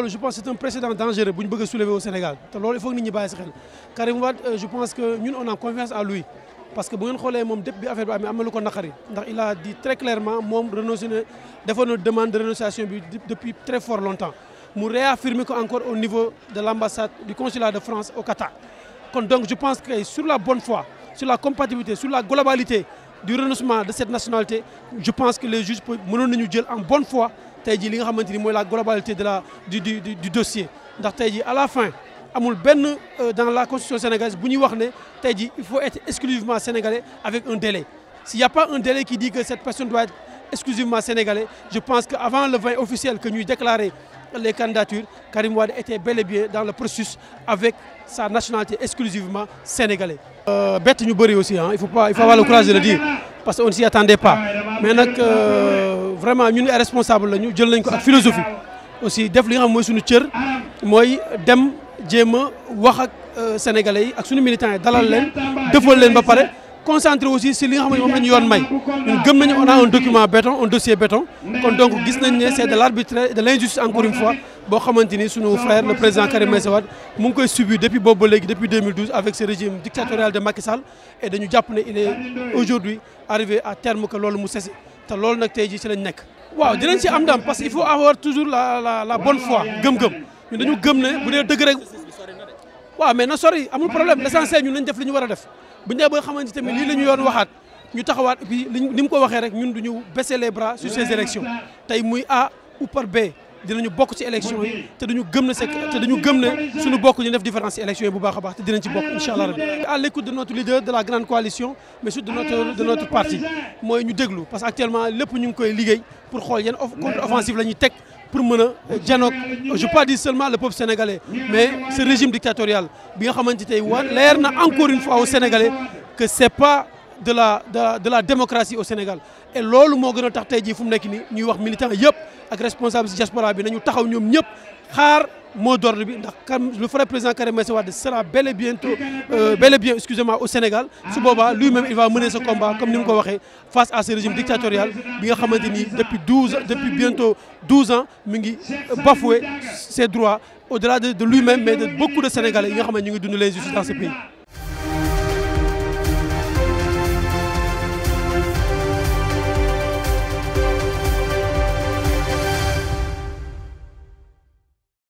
je pense que c'est un précédent dangereux pour nous soulever au Sénégal il faut que nous euh, je pense que nous on a confiance en lui parce que il a dit très clairement qu'il renoncé na demande de renonciation depuis très fort longtemps Nous réaffirmer encore au niveau de l'ambassade du consulat de France au Qatar donc je pense que sur la bonne foi sur la compatibilité sur la globalité du renoncement de cette nationalité je pense que les juges peuvent nous dire en bonne foi cest la globalité de la du du du dossier ndax à la fin euh, dans la constitution sénégalaise il faut être exclusivement sénégalais avec un délai s'il n'y a pas un délai qui dit que cette personne doit être exclusivement sénégalais je pense qu'avant le 20 officiel que nous déclarer les candidatures Karim Wade était bel et bien dans le processus avec sa nationalité exclusivement sénégalais. Euh, Bête ñu aussi hein, il faut pas il faut avoir le courage de le dire parce qu'on ne s'y attendait pas mais que vraiment nous sommes responsable nous jël nañ ko philosophie aussi def li nga xam mooy suñu cër moy dem djema wax ak euh, sénégalais yi ak suñu militants dalal leen defal leen ba paré concentré aussi si li nga xam ne moom la ñu yoon may ñun gëm nañu on a un document béton un dossier béton kon donc gis nañ né c'est de l'arbitraire de l'injustice encore une fois bo xamanteni suñu frère le président Karim Meïssa Wade mu ngi koy subir depuis bobu légui depuis 2012 avec ce régime dictatorial de Macky Sall et dañu japp né il est aujourd'hui arrivé à terme que lolu mu cesser. C'est ce que tay ji ci lañ nek waaw parce qu'il faut avoir toujours la la bonne foi gëm dañu bu rek mais na sori amul problème l'essentiel ñun nañ def li ñu def bu ñu ba xamanteni tamit li la yoon waxat ñu taxawat ko baisser les bras sur ces élections tay muy A ou par B dinañu bokk ci élection yi te dañu gëm ne té nous gëm né suñu bokk ñu def différence élection bu a baax ci rabbi à l'écoute de notre leader de la grande coalition mais surtout de notre de notre parti moy ñu déglu parce que actuellement lépp ñu ngi koy liggéey pour xol yeen contre offensive lañuy ñuy pour mëna ne veux je pas dire seulement le peuple sénégalais mais ce régime dictatorial bi nga xamanté tay wa leer na encore une fois au sénégalais que c'est pas de la de la de la démocratie au Sénégal et loolu moo gën a tax tey jii ni mu nekk nii ñuy wax militant yëpp ak responsable diaspora bi nañu taxaw ñoom ñëpp xaar mot d'ordre bi ndax le frère président Karim Meïssa Wade sera bel et bientôt euh, bel et bien excusez-moi au Sénégal su boobaa lui-même il va mener ce combat comme nous l'avons ko face à ce régime dictatorial bi nga depuis douze depuis bientôt douze ans mi ngi bafoué ses droits au-delà de de lui-même mais de beaucoup de Sénégalais yi nga xam ne ngi dund l'injustice dans ce pays.